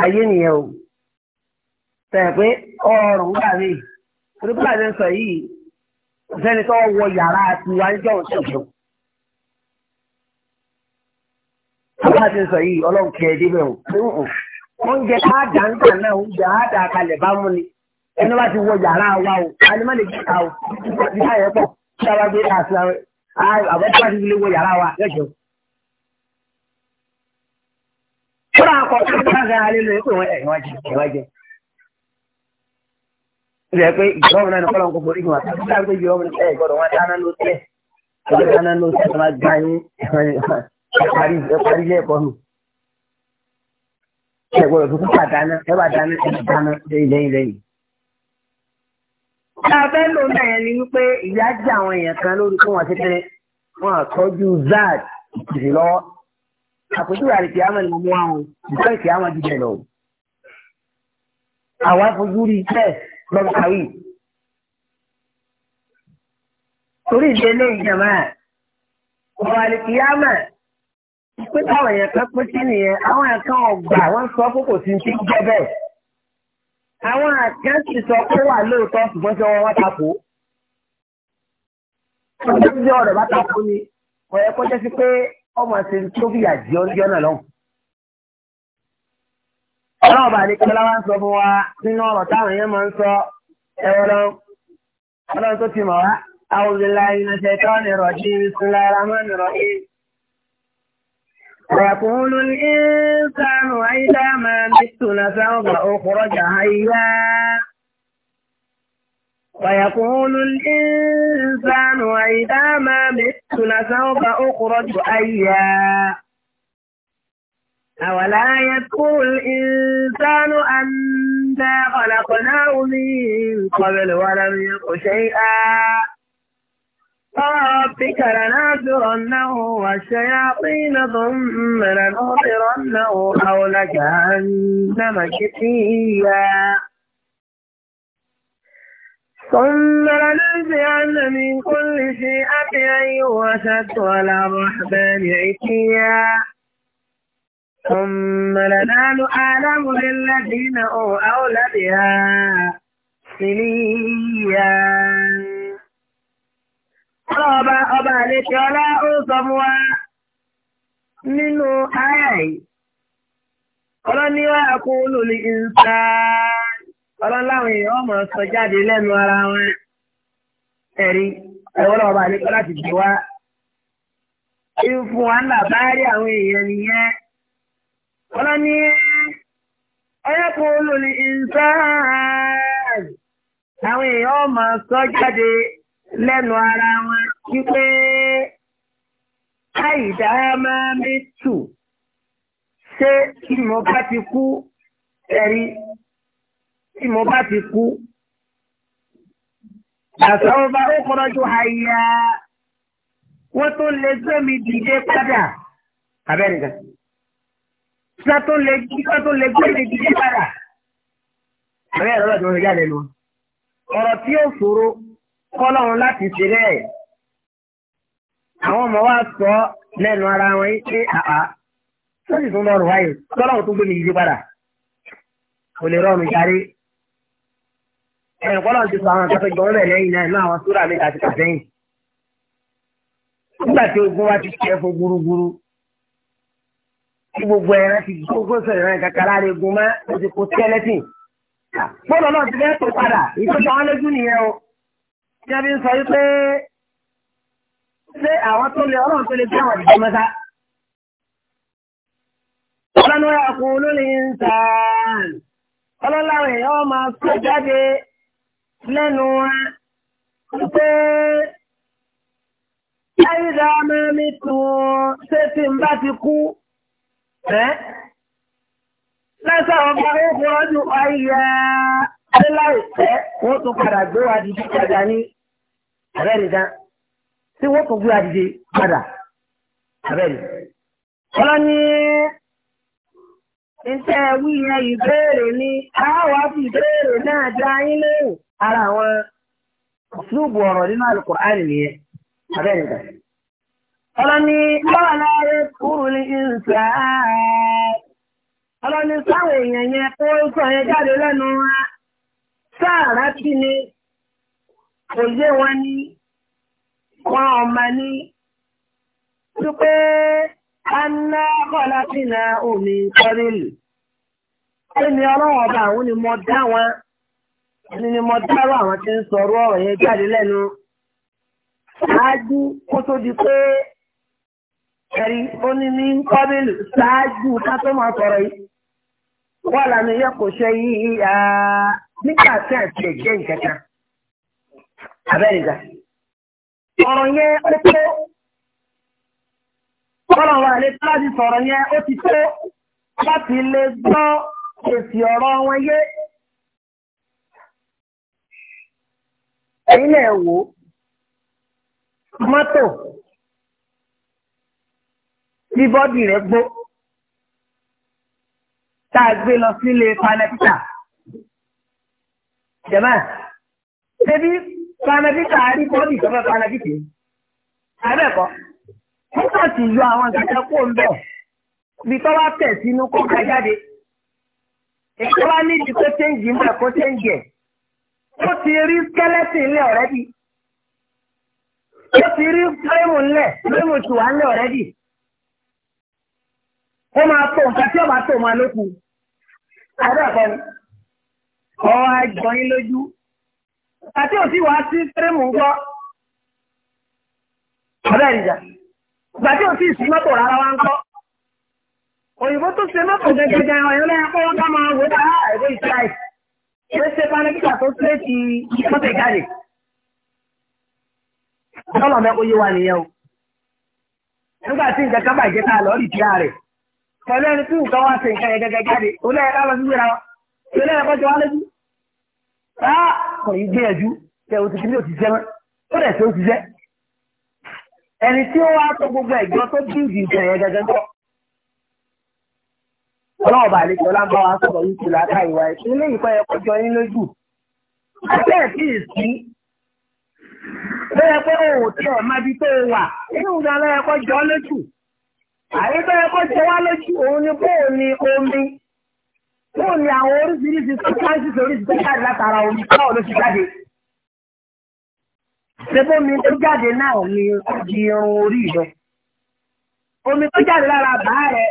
S2: ayé nìyẹn o tẹ̀ pé ọrùn gbà mí tìrìbùlà ní sọ yìí kò sẹ́ni tó wọ yàrá àti wájú ọ̀hún ṣẹ̀ṣẹ̀ o. bá sọ yìí ọlọ́run kẹ́ ẹ débẹ̀ o. oúnjẹ tá a náà oúnjẹ á dà kalẹ̀ bá mú ni ẹni bá ti wọ yàrá wa o alimá lè gbé ta o nígbà yẹn pọ̀ kí a wá gbé ta sí wá ti wọ yàrá wa yọ̀jọ̀ Fúnra àkọ́kọ́ tó ń gan alẹ́ lórí pé wọ́n ẹ̀yìn wájú ẹ̀yìn
S1: wájú. Ó jẹ́ pé
S2: ìjọba náà ní kọ́lọ́ nǹkan forí ìgbìmọ̀ àti sáà pé ìjọba náà ẹ̀ gbọ́dọ̀ wọn dáná ló tẹ̀. Ọjọ́ dáná ló tẹ̀ tó máa
S1: gbá yín ẹ parí ilé ẹ̀kọ́ nù. Ẹ gbọ́dọ̀ tó kúkà dáná ẹ bá dáná ẹ dáná lẹ́yìn lẹ́yìn lẹ́yìn.
S2: Ṣé a fẹ́ lò náà ni wípé ìyá jẹ́ àwọn èèyàn kan lórí pé wọ́n ti tẹ́lẹ̀ àtọ́jú Zad ìtìlọ́wọ́ àpèjúwe àrètí àwọn ènìyàn mú àwọn ìgbà ètí àwọn jíjẹ lọ. àwa fojú rí iṣẹ́ lọ́mọ kàwé. torí ìdí eléyìí jàmá ọ̀rọ̀ àrètí àmà pé táwọn èèyàn kan pín sí nìyẹn àwọn kan ọgbà wọn sọ pé kò sí ní jẹ bẹ́ẹ̀. àwọn kan sì sọ pé wà lóòótọ́ ṣùgbọ́n ṣe wọn wá takò. ọjọ́ bí ọ̀rọ̀ bá takò ni ọ̀yẹ́kọ́jẹ́ sí pé ọmọ ṣe ń tóbi àjẹ́ ọjọ́ náà lọ́hùn. ọlọ́run bá ní kọ́lá wa ń sọ fún wa nínú ọ̀rọ̀ táwọn èèyàn máa ń sọ ẹ̀rọ lọ́hùn. ọlọ́run tó ti mọ̀ wá أعوذ بالله من الشيطان الرجيم بسم الله الرحمن الرحيم ويقول الإنسان أيضا ما مت لسوف أخرج حيا ويقول الإنسان وإذا ما مت لسوف أخرج أيا أولا يذكر الإنسان أنا خلقناه من قبل ولم يق شيئا فربك لناصرنه والشياطين ثم لنغفرنه حول جهنم كثيرا ثم لنزعن من كل شيء أحيي وسد ولا رحبان عتيا ثم لنال أعلم للذين أولى بها سليا
S1: أبا أبا لك ولا
S2: أصب منه أي ولني وأقول لإنسان ọlọ́láwọn èèyàn ọmọ sọ jáde lẹ́nu ara wọn ẹ̀rí ẹ̀wọ́n ọba wà nípa láti gbé wá. ìfún wa ńlá báárí àwọn èèyàn nìyẹn. wọ́n ní ọyọ́kùn olórí ìsáàlì àwọn èèyàn ọmọ sọ jáde lẹ́nu ara wọn wípé pé máa ń bẹ tù ṣé kí mo bá ti kú ẹ̀rí. tí mo bá ti kú. Àsọ̀rọ̀ bá ó kọ́rọ́ ju àyà wọ́n tó lè gbé mi dìde padà. Abẹ́rẹ́gà. Sọ tó lè gbé tó lè gbé mi dìde padà. Àwọn ẹ̀rọ ọ̀dọ́ ti jáde lọ. Ọ̀rọ̀ tí ó ṣòro kọ́lọ́run láti ṣe bẹ́ẹ̀. Àwọn ọmọ wa sọ lẹ́nu ara wọn yìí pé àá. Sọ́ọ̀sì tó lọ rùn wáyé, kọ́lọ́run tó gbé mi dìde padà. Kò rọrùn jáde ẹ̀rùn kọ́lọ̀ ti sọ àwọn akẹ́kọ̀ọ́ gbọ́n bẹ̀ lẹ́yìn náà inú àwọn súrà mi kàti kàtẹ́yìn. nígbà tí ogun wa ti ṣẹ́ fún gúrúgúrú tí gbogbo ẹran ti gbogbo sọ̀rọ̀ ẹran kàkà lára egun mọ́ ó ti kó skeleton. gbọ́dọ̀ náà ti fẹ́ tó padà ìtọ́jú àwọn lójú nìyẹn o. tí a fi ń sọ yí pé ṣé àwọn tó lè ọlọ́run tó lè fi àwọn ìdíje mọ́ta. ọlọ́run ẹ̀kún olólè ń sàn. ọlọ́run láwọn èèyàn máa sọ jáde lẹ́nu wa pé ayíra ọmọ mi tún ṣé tí n bá ti kú ẹ́ lẹ́sẹ̀ ọmọ ogun ọdún ayíra aláìpẹ́ wọ́n tún padà gbé wa dìde padà ní ọ̀rẹ́ nìkan tí wọ́n tún gbé wa dìde padà ọ̀rẹ́ nìkan. ọlọ́ni. Iṣẹ́ wíyẹn ìbéèrè ni a wá fi ìbéèrè náà dá yín ara àwọn ṣùgbọ́n ọ̀rọ̀ nínú Al-Qur'an nìyẹn. Abẹ́nìkan. Ọlọ́ni lọ́wọ́lá rẹ̀ kúrò ní ìrìnsà. Ọlọ́ni sáwọn èèyàn yẹn tó sọ yẹn jáde lẹ́nu wa. kí ni wọn ní wọn ní. Anna kọ́lápínà omi kọ́rìlì. Ẹni ọlọ́wọ́ ọba àwọn ni mo dá wọn. Ẹni ni mo dárò àwọn tí ń sọ̀rọ̀ ọ̀rọ̀ yẹn jáde lẹ́nu. Ṣáájú kó tó di pé ẹ̀rí ó ní ní kọ́rìlì ṣáájú ká tó máa sọ̀rọ̀ yìí. Wọ́n lànà yẹ kò ṣe yìí nígbà tí àti ẹ̀jẹ̀ nǹkan Abẹ́rẹ́ ìgbà. Ọ̀rọ̀ yẹn ó tó. Ọlọ́run àlejò láti sọ̀rọ̀ yẹn ó ti tó láti lè gbọ́ èsì ọ̀rọ̀ wọn yé. Ẹ̀yin náà wò ó, mọ́tò tí bọ́dì rẹ̀ gbó tá a gbé lọ sílé panẹ́pítà. Jẹ̀mọ́, ṣé bí panẹ́pítà rí bọ́dì tó fẹ́ panẹ́pítà? Àbẹ̀kọ́ nígbà tí yọ àwọn ìgbàjẹ́ kó ń bọ̀ bí tọ́ bá tẹ̀ sínú kó ka jáde èyí wá nídìí kó ṣéǹjì ń bẹ̀ kó ṣéǹjì ẹ̀ ó ti rí skeleton ńlẹ̀ ọ̀rẹ́dì ó ti rí fúrẹ́mù ńlẹ̀ fúrẹ́mù tìwá ńlẹ̀ ọ̀rẹ́dì ó máa tó nǹkan tí ọba tó máa lókù àdàkọ́ ni ọwọ́ àjọyín lójú àti òsì wá sí fúrẹ́mù ńkọ́ ọ̀rẹ́ ìjà. ìgbà tí ò sí mọ́tò rárá wá ń kọ́ òyìnbó tó ṣe mọ́tò gẹ́gẹ́gẹ́ ẹ̀rọ ẹ̀rọ ẹ̀kọ́ wọn ká máa wò ẹ̀rọ ah, ṣe ṣe tó ṣe ti ìkọ́tẹ̀ jáde ọlọ́ mẹ́kọ yé wa nìyẹn o nígbà tí nǹkan kan bàjẹ́ ti rẹ̀ pẹ̀lú ẹni tí nǹkan wá ṣe nǹkan yẹn gẹ́gẹ́ jáde òun ẹ̀ka lọ sí wá lójú ah, gbìyànjú ẹni tí ó wá tó gbogbo ẹ̀jọ́ tó bíìdì nǹkan yẹn gẹ́gẹ́ ọlọ́run bá lè tọ́lá ń bá wa sọ̀rọ̀ yìí ìwà ẹ̀sìn ilé kọjọ yín lójú. abẹ́ ẹ̀ sí. bẹ́ẹ̀ pé tí máa bí tó kọjọ lójú. àyè bẹ́ẹ̀ wá lójú ni omi. àwọn oríṣiríṣi tó oríṣiríṣi tó látara omi Ṣebómi tó jáde náà ni ó di irun orí rẹ̀. Omi tó jáde lára bàá rẹ̀,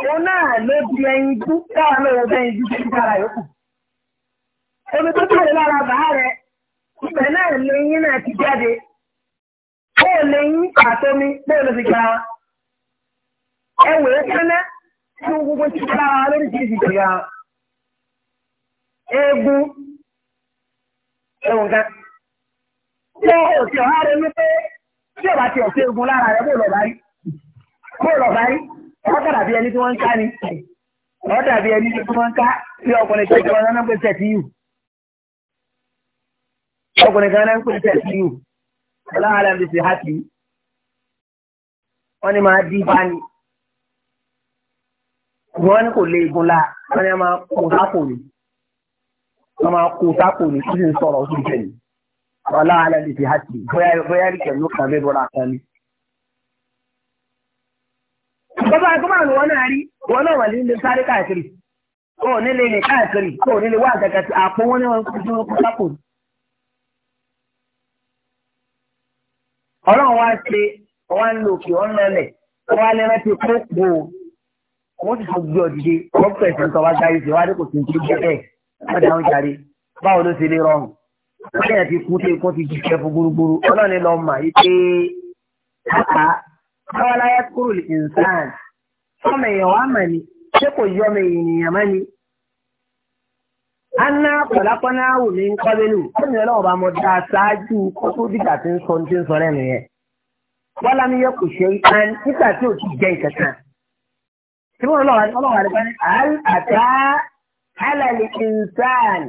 S2: òun náà ló di ẹyin tú dára lóhun bẹ́ẹ̀ ju títí dára yòókù. Omi tó jáde lára bàá rẹ̀, ibẹ̀ náà lẹ́yìn náà ti jáde. Bóò lẹ́yìn àtomi bóò ló fi gbà wá. Ẹ̀wẹ̀ kánná tí gbogbo ti gbà wá lóríṣiríṣi ti gbà wá. Eegun, ẹ̀wọ̀n kan ṣé òsì ọ̀há rẹ ní pé tí ò bá ti ọ̀sẹ̀ ogun lára rẹ bó lọ báyìí bó lọ báyìí ọ̀họ́ dàbà bí ẹni tí wọ́n ń ká ni ọ̀họ́ dàbí ẹni tí wọ́n ń ká tí ọkùnrin kan jẹ́ ọ̀nà pé tẹ̀ sí yù ọkùnrin kan ń pè tẹ̀ sí yù ọlọ́run àti hàtì wọ́n ní máa dí báni wọ́n kò lè gun la wọ́n ní máa kó sápò ni wọ́n máa kó sápò ni kí sì sọ̀rọ̀ ó sì ń tẹ̀lé wàhálà alẹ́ ti hàtì bóyá bóyá rí pẹ̀lú kan bẹ́ẹ̀ bọ́ra kan ni. bọ́bá ẹgbẹ́ máa lò wọ́n náà rí wọ́n náà wà nílé sáré káàkiri kò nílé ní káàkiri kò nílé wà gàgà tí àpò wọn ní wọn kú sí wọn kú sápò. ọlọ́run wá ṣe wọ́n ń lò kí wọ́n lọlẹ̀ wọ́n á lẹ́rẹ́ ti kó kó wọ́n ti fọ́ gbé ọ̀dìde wọ́n pẹ̀sẹ̀ ń tọ́ wá gáyé sí wọ́n á dé kò sí dáhùn jáde báwo ló ṣe lè rọrùn lẹ́yìn ti kú tí kún ti jíṣẹ́ fún gúrúgúrú ọlọ́ni lọ mà yí pé kápá káwáláyà kúrò lè nsán ọmọ èèyàn wà mà ní ṣé kò yí ọmọ ènìyàn má ní. anna kọlákọ́nà wù mí ń kọ́ lẹ́nu ọmọ ìyẹn náà bá mọ dáa ṣáájú kókó dìgbà tí ń sọ ní tí ń sọ lẹ́nu yẹn. bọ́lá mi yẹ kò ṣe é kan nígbà tí ò ti jẹ́ ìkankan. tí wọ́n lọ́wọ́ àdìgbà ní àlàlì nsán.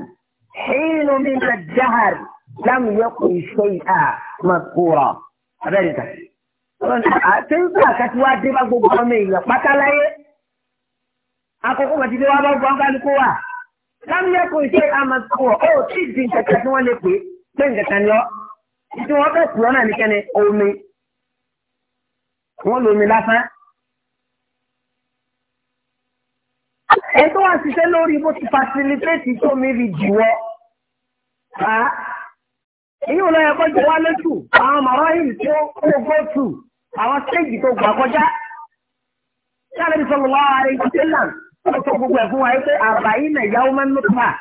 S2: حين من الدهر لم يكن شيئا مذكورا abẹ́rẹ́ta àti nígbà kẹtù wá dé bá gbogbo ọmọ èèyàn pátáláyé akókó bàtí tí wá bá gbọ́ kálukú wà lámúyẹ kò ṣe amadu ọ ó tí di kẹkẹ tí wọ́n lè pè pé nkẹkẹ ni ọ tí wọ́n fẹ́ kúrọ́ náà nìkẹ́ni omi wọ́n lomi lásán ẹ tó wà ṣiṣẹ́ lórí bó ti fasilitéètì tó mi rí jùwọ́ èyí ò kọjá wá àwọn màmá yìí tó kó àwọn stéèjì tó gbà kọjá sáré ní sọlọ wàá rẹ náà ẹ fún wa àbáyé náà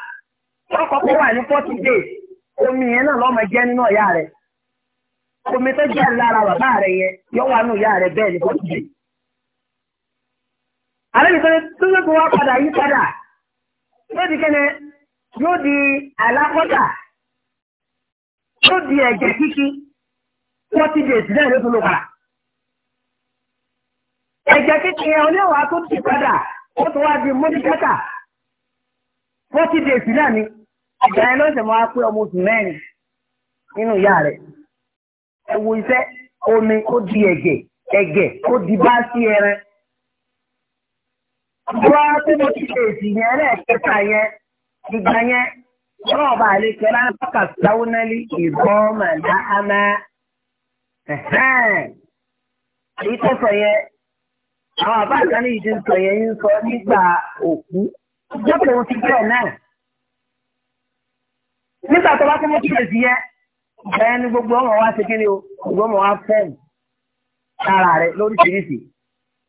S2: pa ọkọkọ kọ́kọ́ wà ní omi yẹn náà lọ́mọ jẹ́ nínú ọ̀yá omi tó jẹ́ lára bàbá rẹ̀ yẹn yọ àlébìtọ́lẹ̀ tó yóò tó wá padà yí padà yóò di kẹ́nẹ́ yóò di alákọ́tà yóò di ẹ̀jẹ̀ kíkí forty days náà ló tún lò padà. ẹ̀jẹ̀ kíkí yẹn oníwà tó ti padà ó tó wá di mọ́tíkátà forty days náà ni ìgbà yẹn lọ́sẹ̀ máa pé ọmọ oṣù mẹ́rin nínú ìyá rẹ̀ ẹ iṣẹ́ omi ó di ẹ̀jẹ̀ ẹ̀jẹ̀ ó di bá sí ẹran wá tí mo ti ṣe ìdìyẹn ẹlẹ́ẹ̀kẹta yẹn ìgbà yẹn náà bá lè kẹ́ lápákà sáwọ́ náà lé ìbọn màdá àmà èyí tó sọ yẹn àwọn àbá àtàlẹ ìdí sọ yẹn ń sọ nígbà òkú jọ́pọ̀ ohun ti bẹ́ẹ̀ náà nígbà tó bá tó mọ́ kí èsì yẹn ìgbà yẹn ni gbogbo ọmọ wa ṣe kí ni o gbogbo ọmọ wa fẹ́ẹ̀mù lára rẹ lóríṣiríṣi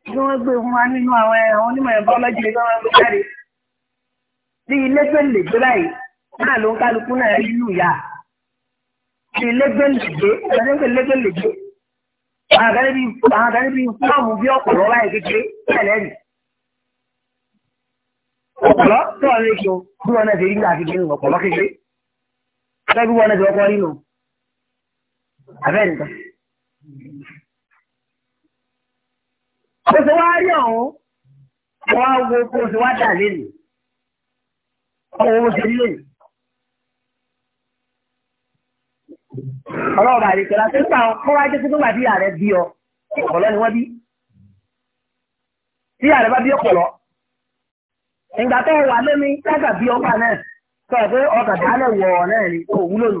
S2: tí wọ́n gbé wọn wá nínú àwọn ẹ̀hàn onímọ̀ ẹ̀bọ́ lọ́jọ́ ìgbà wọn gbé jáde bí ilé gbèlè gbé báyìí náà ló ń kálukú náà rí inú ìyá bí ilé gbèlè gbé ọ̀dọ́ nípa ilé gbèlè gbé àwọn kan níbi fúlọ́ọ̀mù bí ọ̀pọ̀lọ́ báyìí kékeré tẹ̀lé rí ọ̀pọ̀lọ́ tó wà lóṣù bí wọn náà ṣe rí ní àfikún ọ̀pọ̀lọ́ kékeré Bó ṣe wá rí ọ̀hún, wọ́n á wo o ṣe wá dà lélẹ̀. Ọ̀hún bó ṣe lè. Ọlọ́run bá rí kẹlá sípà kọ́ wá jẹ́ sí nígbà tí ìyá rẹ̀ bí ọ. Ọ̀pọ̀lọ́ ni wọ́n bí. Tí ìyá rẹ̀ bá bí ọ̀pọ̀lọ́. Ìgbà tó wà lómi, káàkà bí ọgbà náà. Sọ̀rọ̀ pé ọkà dálẹ̀ wọ̀ náà ni kò wúlò nù.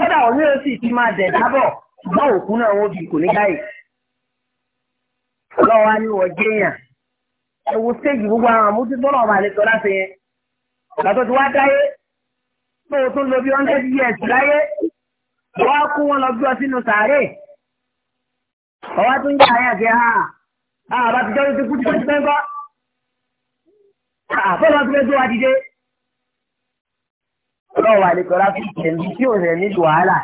S2: kódà òní ó sì ti máa dẹ̀ dábọ̀ ṣùgbọ́n òkú náà wọ́n bí kò ní káyè. ọlọ́wà ni wọ́n jẹ́yàn ẹ̀wù stéèjì gbogbo àwọn àmójútó náà máa lè sọ láti yẹn. ọ̀gá tó ti wá dáyé tó o tún lo bí hundred years láyé wọ́n á kó wọn lọ gbé ọ sínú sàárè. ọ̀wá tún jẹ́ àyà kí á àbá ti jẹ́ ojú kúti tó ti fẹ́ gbọ́. àbọ̀lọ́ ti fẹ́ gbé wa dìde ọlọ́wọ́ àlekọ́lá fi tẹ̀lé tí ò rẹ̀ nílùú wàhálà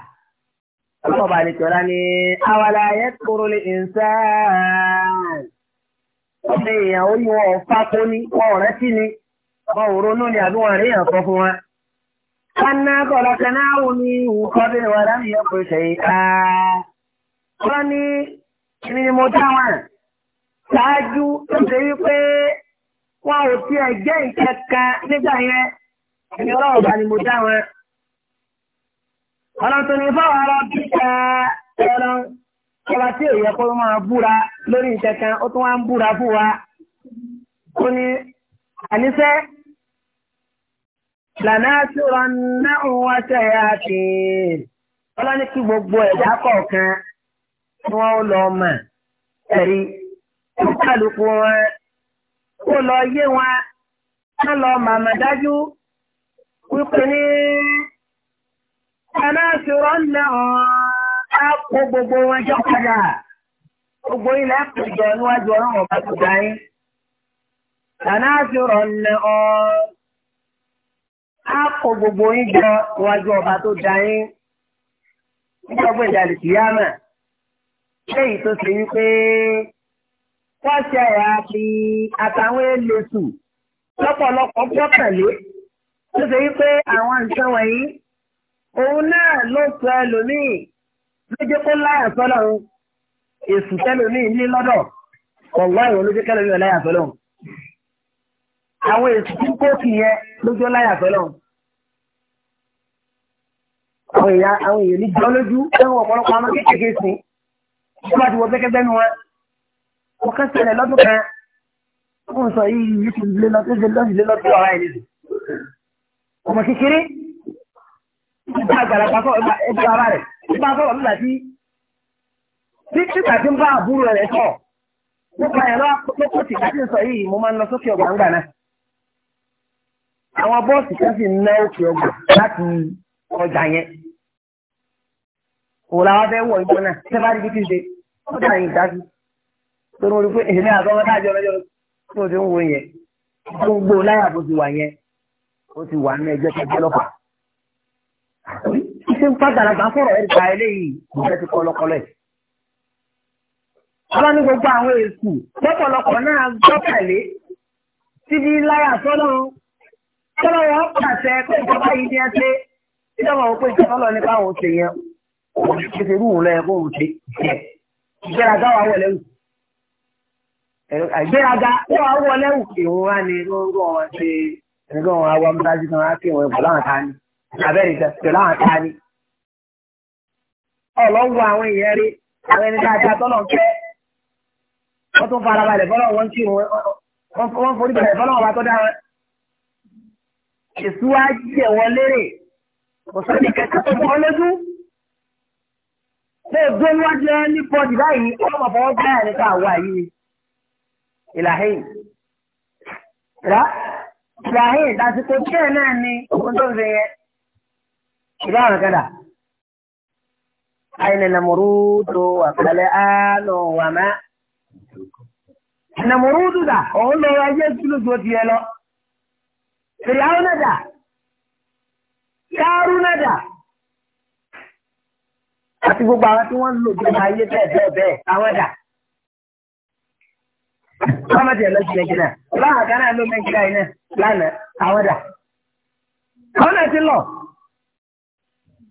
S2: ọlọ́wọ́ àlekọ́lá ni awàlá ayé kóró lè ǹsán ọmọ èèyàn ó ní wọn ọ̀fà kó ní wọn ọ̀rẹ́ sí ni wọn ò ronú ni àbí wọn àrí èèyàn kan fún wa. kaná kọ̀ọ̀lá kaná wò ní nǹkan bí wàhálà mi yẹ kó ṣe ká wọ́n ní kíni ni mo dá wọn ṣáájú tó ṣe wípé wọn ò tiẹ̀ jẹ́ ìkẹ́kẹ́ nígbà yẹn. ẹni ọlọ́run bá ni mo dá wọn. ọ̀nà tó ní fáwọn ará bí ká ọba tí èèyàn kọ́ máa búra lórí ìkẹ̀kẹ́ ó tún wá ń búra fún wa. ó ní àníṣẹ́ lànà àtúrọ̀ náà wá sẹ́yà sí i. ọlọ́ni kí gbogbo ẹ̀dá kọ̀ọ̀kan wípé ní ẹlẹ́sìrọ́ náà á kó gbogbo wọn jọ padà gbogbo ilẹ̀ àpèjọ níwájú ọlọ́run ọba tó dá yín. ẹlẹ́sìrọ́ náà á kó gbogbo yín níwájú ọba tó dá yín. níjọba ìdàlù kìyàmà léyìí tó ṣe wípé wọ́n ṣe àyàfi àtàwọn èlò sùn lọ́pọ̀lọpọ̀ gbọ́kànlé ó ṣe yí pé àwọn nǹkan wọ̀nyí òun náà ló sọ ẹlòmíì ló jẹ́ kó láyà sọ́lọ̀ òun èsù tẹ́lòmíì ní lọ́dọ̀ ọ̀gbọ́n ìwọ̀n ló jẹ́ kẹ́lòmíì láyà sọ́lọ̀ òun àwọn èsù tí kò kì yẹn ló jọ láyà sọ́lọ̀ òun àwọn èèyàn àwọn èèyàn ní jọ lójú ẹ̀wọ̀n ọ̀pọ̀lọpọ̀ àwọn kékeré sí i wọ́n bá ti wọ gẹ́gẹ́ nu wọn wọ́n kẹ́ sílẹ̀ lọ́dún kan wọ́n sọ yìí yìí ti lé lọ́dún lọ́dún lọ́dún ọ̀rá ẹ̀ nìyí ọmọ kékeré ìgbà àgbàlagbà kọ ẹgbẹ ara rẹ ìgbà àgbàlagbà nígbà tí títà tí ń bá àbúrò rẹ sọ nípa ẹ̀rọ àpótò tí a ti ń sọ yìí mo máa ń lọ sókè ọgbà ńgbà náà àwọn bọ́ọ̀sì kan sì ń ná òkè ọgbà láti ọjà yẹn òun làwọn fẹ́ wọ̀ ìbọn náà tẹ́ bá rí bí kí n ṣe
S1: ó dà yín dájú
S2: torí mo rí pé èmi àtọ́wọ́ dájọ́ lọ́jọ́ tó ń wo yẹn gbogbo láyà bó ti wà yẹn ó ti wà ní ẹgbẹ́ kẹgbẹ́ lọ́pàá. ṣé ń pàtàkì àgbàfọ̀rọ̀ ẹ̀ gba eléyìí kò fẹ́ ti kọlọkọlọ ẹ̀. ọlọ́ni gbogbo àwọn èkù lọ́pọ̀lọpọ̀ náà gbọ́kànlé síbi láyà sọ́lọ́run sọ́lọ́run pàṣẹ pé ìjọba yìí ní ẹsẹ̀ ìjọba òun pé ìjọba lọ nípa òun ṣe yẹn òun ṣe ṣe rúùn lọ ẹ̀kọ́ òun ṣe ṣe
S1: ìgbéraga wà wọlé wù
S2: ìgbéraga wà wọlé wù ìhun wá ní lórúkọ wọn ẹnìkan wọn awa mọ́tàjú kan á pè wọn pẹ̀lú àwọn tání abẹ́rẹ́ ìta pẹ̀lú àwọn tání. ọlọ́wọ́ àwọn èèyàn rí àwọn ẹni dáadáa tọ́lọ̀ ń wọ́n tún farabalẹ̀ fọ́lọ́ wọn kí wọ́n forí balẹ̀ fọ́lọ́ ọba tó dára. èsù wa jẹ wọn lérè kò sọ́ni kẹta tó kọ́ lójú. bẹ́ẹ̀ gbé níwájú ẹ ní pọ́ọ̀dì báyìí ọlọ́mọ fọwọ́ gbáyà nípa àwa yìí ìlàhẹ́yìn. Ibrahim àsìkò díẹ̀ náà ni òkun tó ṣe yẹn. Ibrahim kẹ́dà. Àyìnlẹ̀ Nàmúrúdù àpẹẹlẹ àánú wà má. Nàmúrúdù dà, òun lọ ayé kìlú tó tiẹ̀ lọ. Fìlàwọ́ náà dà. Káàrú náà dà. Àti gbogbo àwọn tí wọ́n ń lò jọba ayé bẹ́ẹ̀ bẹ́ẹ̀ bẹ́ẹ̀ àwọn dà. Bámọ̀tì ẹ̀ lọ sí Nàìjíríà. Báwọn kan náà ló Nàìjíríà yìí náà lánàá àwọn dà àwọn náà ti lọ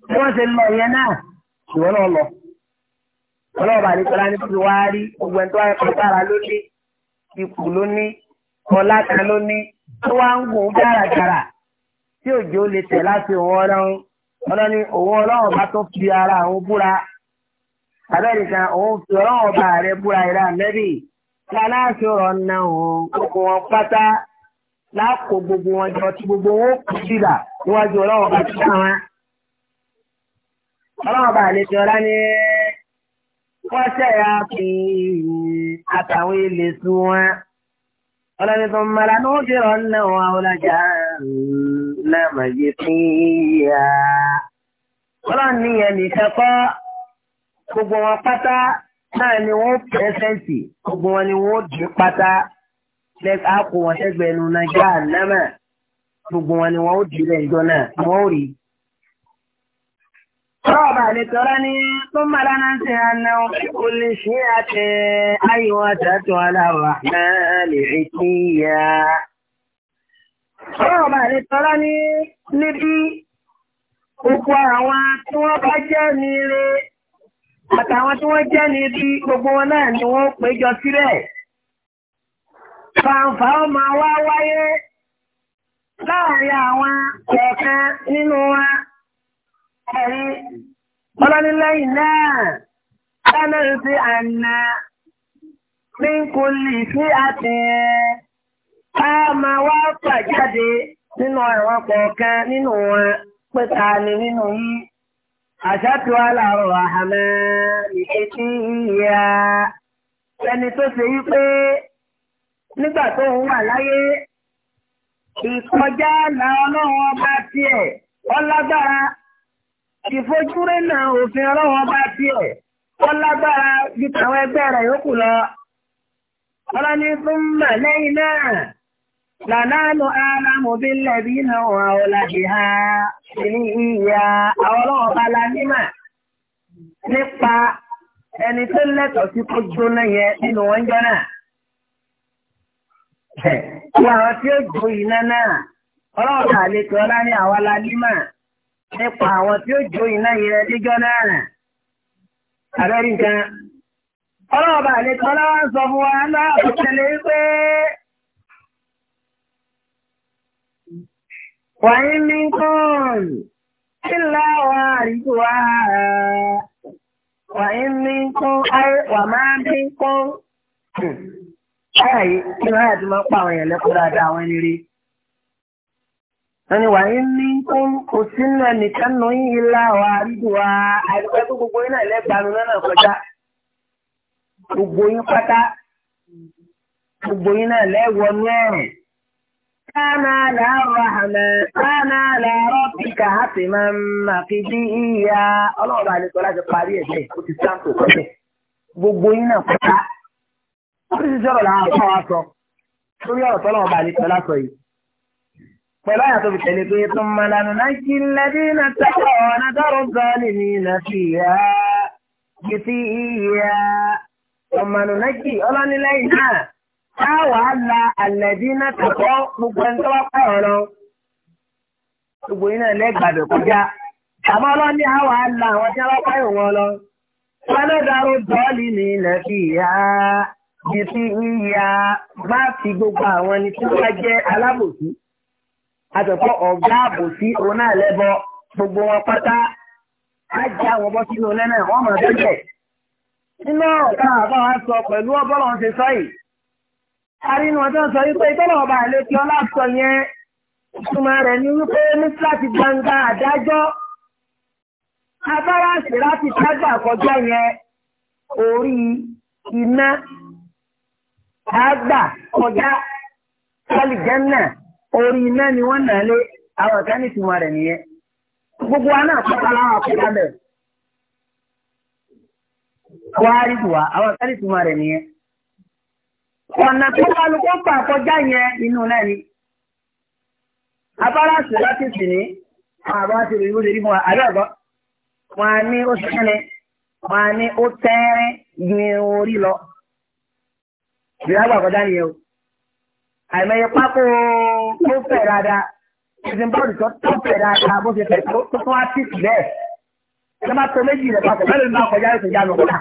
S2: bí wọ́n ti lọ yẹn náà ìwọ náà lọ ọlọ́ọ̀bà àdìsọ́lá ní kí wàá rí gbogbo ẹni tó wáyé pàtàkì lónìí ipò lónìí ọlá kan lónìí tó wá ń gùn gàràgàrà tí òjò lè tẹ̀ láti òun ọlọ́run ọlọ́run ni òun ọlọ́run bá tó fi ara òun búra abẹ́rẹ́ kan òun fi ọlọ́run ọba rẹ̀ búra ìlànà mẹ́rì kí aláṣọ ọ̀nà òun gbogbo wọn pátá láàkó gbogbo wọn jọ tí gbogbo wọn kù sílà níwájú ọlọ́wọ́ bá ti kàn wá. ọlọ́wọ́ bá àlejò ọlá ní wọ́n ṣẹ̀yà fi àtàwọn ilé sí wọn. ọlọ́ni tó ń mara ní oúnjẹ rọ̀ ń náwó àwòlájà náà màjè fún yíyá. ọlọ́run níyẹn nìkan kọ́ gbogbo wọn pátá náà ni wọ́n pẹ́sẹ́ǹtì gbogbo wọn ni wọ́n dé pátá lẹ́ka kó wọn sẹ́gbẹ̀ẹ́ nu náà já ànámà gbogbo wọn ni wọn ó di ilẹ̀ ìjọ náà wọn ó rí. Rọ́ọ̀bà àlẹ́tọ́lá ní tó máa lánà ṣe àna kò lè ṣe àtẹ ayò àtàtọ̀ aláwà náà lè rí kí ya. Rọ́ọ̀bà àlẹ́tọ́lá ní níbí gbogbo àwọn tí wọ́n bá jẹ́ ní ire àtàwọn tí wọ́n jẹ́ ní ibi gbogbo wọn náà ni wọ́n péjọ sílẹ̀. fàǹfà ó máa wá wáyé láàrin àwọn kọ̀ọ̀kan nínú wa ẹ̀rí ọlọ́nilẹ́yìn náà lọ́nà sí àná ní kò lè sí àtìyẹn ká máa fà pàjáde nínú àwọn kọ̀ọ̀kan nínú wọn pé ta ni nínú yìí àṣàtò aláàrọ̀ àhàmẹ́ ìṣètì ìyá ẹni tó ṣe wípé. nígbà tó ń wà láyé ìkọjá na ọlọ́run ọba tiẹ̀ ọlágbára ìfojúrí na òfin ọlọ́run ọba tiẹ̀ ọlágbára ju tàwọn ẹgbẹ́ rẹ̀ lọ. fún mà lẹ́yìn náà lànàánú alámòbí lẹ́bí náà wà ha ìní ìyá àwọn ọlọ́run ọba la nímà nípa ẹni tó lẹ́tọ̀ọ́ sí kó jóná yẹn nínú wọn jọ náà. Ní àwọn tí ó jó iná náà, ọlọ́ọ̀ta àlejò ọlá ní àwa la nípa àwọn tí ó jó iná yẹn díjọ́ náà. Àbẹ́rí nǹkan. Ọlọ́ọ̀ba àlejò ọlá ń sọ fún wa láàbò tẹ̀lé pé wàyí wa àríkù wa wàyí wà máa báyìí kí ló yà tí máa ń pa àwọn èèyàn lẹ́kọ́ dáadáa àwọn ẹni rí. wọ́n ní wàá ní kó kò sí náà nù yín ilá wa wa tó gbogbo yín náà lẹ́gbàánu náà kọjá. gbogbo yín pátá gbogbo yín náà lẹ́wọ̀nú ẹ̀rùn. Kana la rahama, máa ń mà oríṣiríṣi ọ̀rọ̀ làwọn àpá wa sọ lórí ọ̀rọ̀ tọ́lọ́ ọba àlejò lásọ yìí pẹ̀lú àyà tó fi tẹ̀lé pé tó ń mọ̀lá nù náà kí lẹ́bí náà tẹ́kọ̀ ọ̀nà dọ́rọ̀ gọ́ọ̀lì ní náà fi yá gidi ìyá ọmọ náà kí ọlọ́nilẹ́yìn náà tá la àlẹ́bí náà tẹ̀kọ́ gbogbo ẹni tó wá pẹ̀ gbogbo yìí lẹ́gbàdọ̀ kọjá àmọ́ ọlọ́ni àwa la àwọn tí wọ́n wọn náà dọ́rọ̀ gọ́ọ̀lì bìtì ìyá bá fi gbogbo àwọn ẹni tí wọ́n jẹ́ alábòsí àtọ̀kọ́ ọ̀gá àbòsí òun náà lẹ́bọ gbogbo wọn pátá á já wọn bọ́ sínú lẹ́nà wọ́n mọ̀ bẹ́ẹ̀. nínú ọ̀gá àbá wa sọ pẹ̀lú ọbọ̀lọ̀ ṣe sọ yìí arínú ọjọ́ sọ wípé tọ́lọ̀ ọba àlejò ọlá sọ yẹn ìtumọ̀ rẹ̀ ni wípé nísìláàtì gbangba àdájọ́ abára láti tágbà kọjá yẹn orí iná ha kọjá alìjẹ́nà orí ni wọ́n nà lé àwọn ọ̀gá n'ihe. Gbogbo wa náà pátá láwọn àkókò bẹ̀. Wọ́n á rí ìwà àwọn ọ̀gá ní Ọ̀nà tó wà lóko pa yẹn inú náà ni. Afárá sùn láti sìn ní àbá ti rí ìwúrí lọ. ìyá àgbàkọjá nìyẹn o àìmọye pákó tó fẹ̀ dáadáa ìsìn bọ́ọ̀lù tó tó fẹ̀ dáadáa bó ṣe fẹ̀ tó tó wá sí ìlẹ̀ ẹ má tó méjì rẹ̀ papọ̀ mẹ́rin máa kọjá yóò tó já nùkọ́tà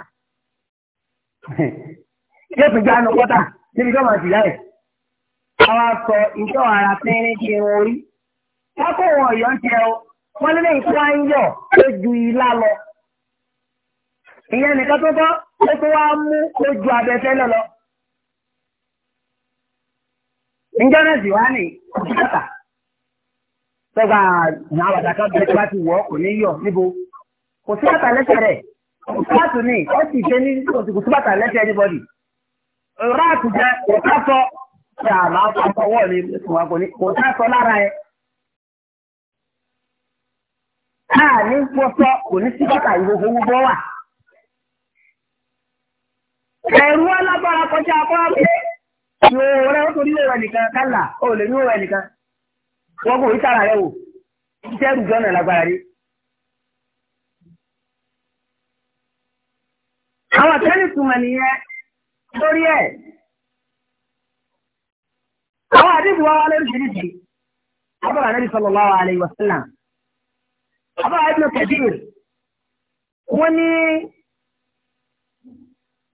S2: <laughs> yóò tó já nùkọ́tà níbi tó máa jìyà rẹ̀ àwa sọ ìjọ ara pínrín kí n orí pákó wọn ọ̀yọ́ ń jẹ o wọ́n lé lẹ́yìn tó wá ń yọ̀ ó ilá lọ ìyẹn nìkan tó tọ́ ó tó wá mú ó ju abẹ́fẹ́lẹ́ lọ. níjọ́nà ndị wá ní ọ̀sẹ̀ta tọ́gbà àwọn àbàtà kan bẹ̀rẹ̀ tí kò ní yọ̀ níbo kò sí rẹ̀ òkúrátù ní ó sì ṣe ní kò sí bàtà anybody òkúrátù jẹ́ kò sásọ ìwọ ọ̀rẹ́ ní ìwọ nìkan wọ́n àwọn àtẹ́lẹ̀ túmọ̀ ya lórí ẹ̀ àwọn àdìbò wa lóríṣiríṣi abúlé anábì sallallahu alaihi wasallam abúlé ibn wọ́n ní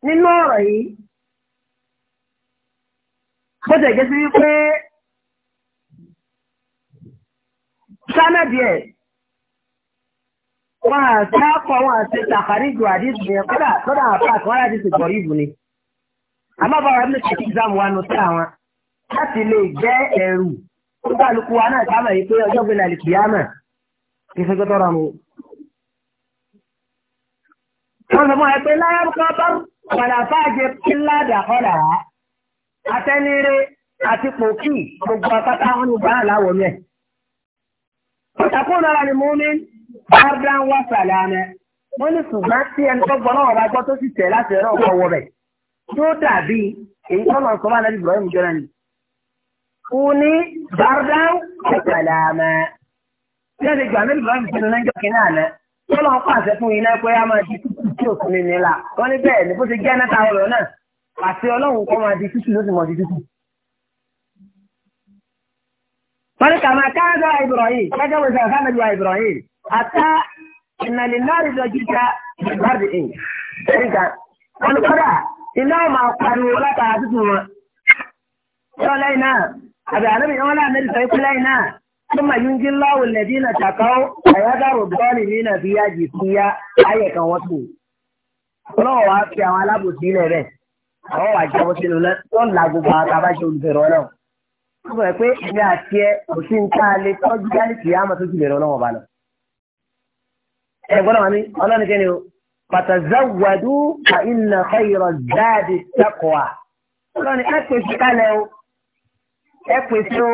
S2: nínú ọ̀rọ̀ yìí. bó tẹ̀ jẹ́ sí wípé sánàdì ẹ̀ wọn àtàkọ wọn àti tàkàríjù àdìsí yẹn kódà kódà àpáàkì wọn láti ṣètò ìbò ni àmọ́ bàbá mi ṣe ìzáàmù wa nù sí àwọn láti lè jẹ́ ẹ̀rù tó kálukú wa náà sábà yìí pé ọjọ́ gbé lálẹ́ kìyàmà kì í ṣe gbọ́dọ̀ rọrùn. wọ́n sọ fún ẹ pé láyé kọ́ bá wàlàfáàjẹ ńlá dàkọ́ làá atẹnire àti pòkì gbogbo apáta wọn ní bàá láwọ mẹ. ìtàkùn náírà ni mo ní bàbá wa sàlámẹ wọn ní ṣùgbọ́n tí ẹni tó gbọ́ náà wà gbọ́ tó sì tẹ̀ láti ẹ̀rọ ọ̀gbọ́n wọ bẹ̀ tó dàbí èyí tó lọ sọ bá nàbí Ibrahim jọra ni. kú ní bàbá wa sàlámẹ. bí wọ́n ti gbà mí Ibrahim jẹ́ lọ́jọ́ kìíní àná tó lọ́n pàṣẹ fún iná pé a máa di tútù tí òkú àti ọlọ́run kọ́ máa di tútù ló sì mọ̀ di tútù. Mọ́nìkà máa ká ẹ̀dọ́ Ibrahim, gẹ́gẹ́ bó ṣe àkánà ju Ibrahim, àtá ìnàlẹ̀ lọ́rì lọ jíjà lọ́rì ẹ̀. Ẹ̀ríkà, wọn kọ́dà iná máa pariwo látara tútù wọn. Yọ lẹ́yìn náà, àbí àdébí wọn náà mẹ́rin sọ ikú lẹ́yìn náà. Súnmọ̀ yín jí láwù lẹ́dí náà tàkọ́, àyájáro bọ́ọ̀lì ní nàbíyá jì fúyá, ayẹ̀ wọ́n tù. Ọlọ́wọ́ wa fi àwọn alábòsí ilẹ̀ bẹ́ẹ̀ àwọn wà jẹ́ bó ṣe lò lẹ́ tó ń la gbogbo àwọn abájọ olùbẹ̀rọ náà ó bẹ̀rẹ̀ pé èmi àti ẹ kò sí nǹkan alẹ́ tọ́jú dání kì í á máa tó jùlẹ̀ rán ọba lọ. ẹ gbọ́dọ̀ wọn ni ọlọ́ni kẹ́ni o pàtàzáwàdú ka inna khayra zadi taqwa ọlọ́ni ẹ pèsè kálẹ̀ o ẹ pèsè o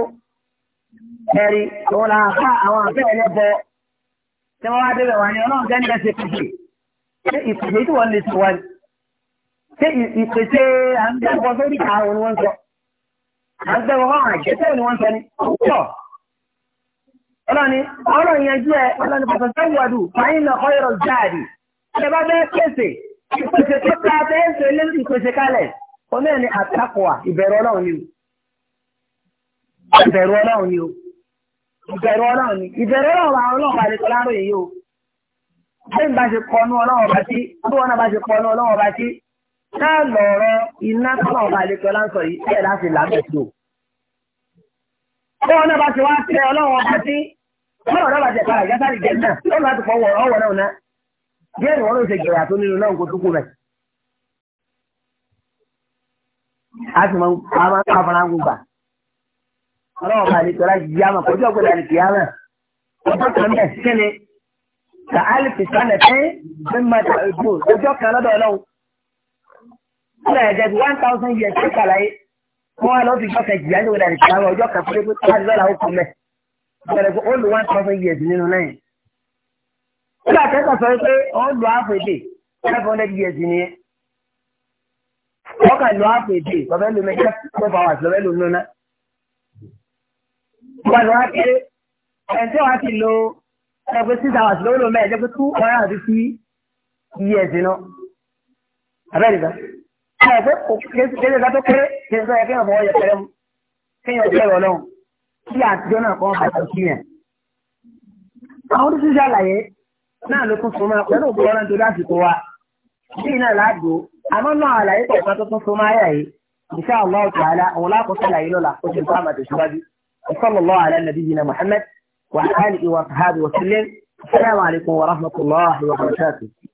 S2: ẹ̀rí òun là ń fa àwọn àfẹ́ ẹlẹ́bọ tí wọ́n wá ṣé ìpèsè àgbẹ̀bọ lórí ààrùn ni wọ́n sọ àgbẹ̀bọ fáwọn àjẹsẹ́ ni wọ́n sọ ni pọ̀ ọlọ́ni ọ̀rọ̀ ìyẹnjú ẹ ọlọ́ni pàṣẹ sẹ́wọ̀dù fàyín náà ọ̀rọ̀ jáde ṣe bá bẹ́ẹ̀ pèsè ìpèsè tó ta bẹ́ẹ̀ ṣe lé ìpèsè kalẹ̀ oní ẹni àtàkùwà ìbẹ̀rù ọlọ́run ni o ìbẹ̀rù ọlọ́run ni o ìbẹ̀rù ọlọ́run ni ìbẹ̀rù ọlọ́run àwọn ọlọ́run àti ìtọ́lárò yìí o bẹ́ẹ̀ bá ṣe kọnu ọlọ́run ọlọ́run bá sí náà lọrọ iná tọ́lá ọba àlejò láǹsọ̀ yìí ẹ̀ láti làbẹ̀ tó. Bí wọn náà bá ti wá tẹ ọlọ́run ọba sí,
S1: ọlọ́run náà bá ti para ìjásá lè jẹun
S2: náà, láti fọ ọwọ́ ọwọ́ náà náà. Bí ẹ̀rù wọn ló ṣe gbèrà tó nínú náà nǹkan tó kù rẹ̀. A sì máa ń máa ń ń gbà. ọba kí kúrò ẹ̀jẹ̀ bí one thousand years ṣe kàlàyé wọ́n wá lọ́ọ́ fi jọ́ kẹjì yá ní ìwé dàrí ìṣàwọ̀ ọjọ́ kan péré pé káàdì lọ́la ó mẹ́ bẹ̀rẹ̀ pé ó one thousand years nínú náà kúrò akẹ́kọ̀ọ́ sọ pé ó lo half a five hundred years ni wọ́n kà lo half a bàbá ẹlòmí ẹ̀jẹ̀ twelve hours bàbá ẹlòmí nínú náà wọ́n wa ti lo ẹgbẹ́ six hours lọ́wọ́ lọ́mọ ẹ̀jẹ̀ two hundred and fifty years nínú ẹ̀fẹ́ kéde ká tó kéré kí n sọ yẹ kí n fọwọ́ yẹ pẹ̀lẹ́ mu kí n yọ jẹ́ ìwọ lọ́hùn kí àtijọ́ náà kọ́ bàtà sí yẹn. àwọn tó ṣiṣẹ́ àlàyé náà ló tún súnmọ́ pẹ̀lú òkú ọ̀rọ̀ nítorí àsìkò wa bí iná láàgbó àmọ́ náà àlàyé kọ̀ọ̀kan tó tún súnmọ́ ayà yìí insha Allah ta'ala òun lákòóso àlàyé lọ́la ó ti bá àmàtẹ̀ síwájú sallallahu ala nabiyyina Muhammad wa alihi wa sahbihi wa sallam assalamu alaikum wa rahmatullahi wa barakatuh